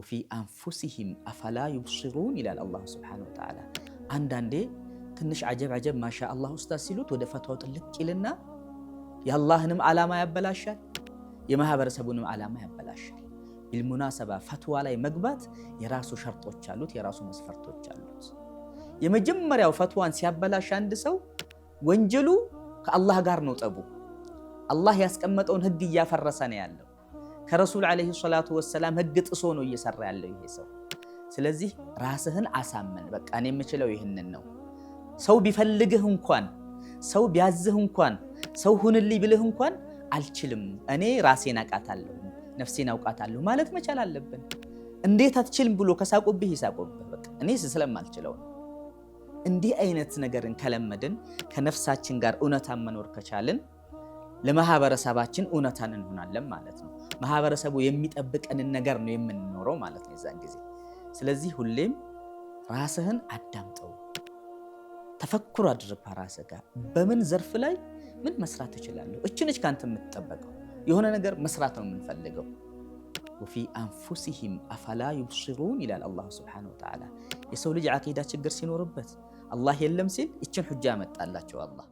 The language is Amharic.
ወፊ አንፉሲሂም አፈላ ዩብሲሩን ይላል አላሁ ስብሓነሁ ወተዓላ። አንዳንዴ ትንሽ አጀብ አጀብ ማሻ አላህ ኡስታዝ ሲሉት ወደ ፈትዋው ጥልቅ ይልና የአላህንም ዓላማ ያበላሻል፣ የማህበረሰቡንም ዓላማ ያበላሻል። ቢልሙናሰባ ፈትዋ ላይ መግባት የራሱ ሸርጦች አሉት፣ የራሱ መስፈርቶች አሉት። የመጀመሪያው ፈትዋን ሲያበላሽ አንድ ሰው ወንጀሉ ከአላህ ጋር ነው ጠቡ። አላህ ያስቀመጠውን ህግ እያፈረሰ ነው ያለው ከረሱል ዓለይሂ ሰላቱ ወሰላም ህግ ጥሶ ነው እየሰራ ያለው ይሄ ሰው። ስለዚህ ራስህን አሳመን። በቃ እኔ የምችለው ይህንን ነው። ሰው ቢፈልግህ እንኳን ሰው ቢያዝህ እንኳን ሰው ሁንልኝ ብልህ እንኳን አልችልም፣ እኔ ራሴን አውቃታለሁ፣ ነፍሴን አውቃታለሁ ማለት መቻል አለብን። እንዴት አትችልም ብሎ ከሳቁብህ ይሳቁብህ። በቃ እኔ አልችለው ነው። እንዲህ አይነት ነገርን ከለመድን ከነፍሳችን ጋር እውነታን መኖር ከቻልን ለማህበረሰባችን እውነታን እንሆናለን ማለት ነው። ማህበረሰቡ የሚጠብቀንን ነገር ነው የምንኖረው ማለት ነው የዛን ጊዜ። ስለዚህ ሁሌም ራስህን አዳምጠው፣ ተፈኩር አድርግ ራስህ ጋር በምን ዘርፍ ላይ ምን መስራት እችላለሁ። እችነች ከአንተ የምትጠበቀው የሆነ ነገር መስራት ነው የምንፈልገው። ወፊ አንፉሲሂም አፈላ ዩብሲሩን ይላል አላሁ ስብሓነሁ ወተዓላ። የሰው ልጅ አቂዳ ችግር ሲኖርበት አላህ የለም ሲል እችን ሁጃ ያመጣላቸው አላህ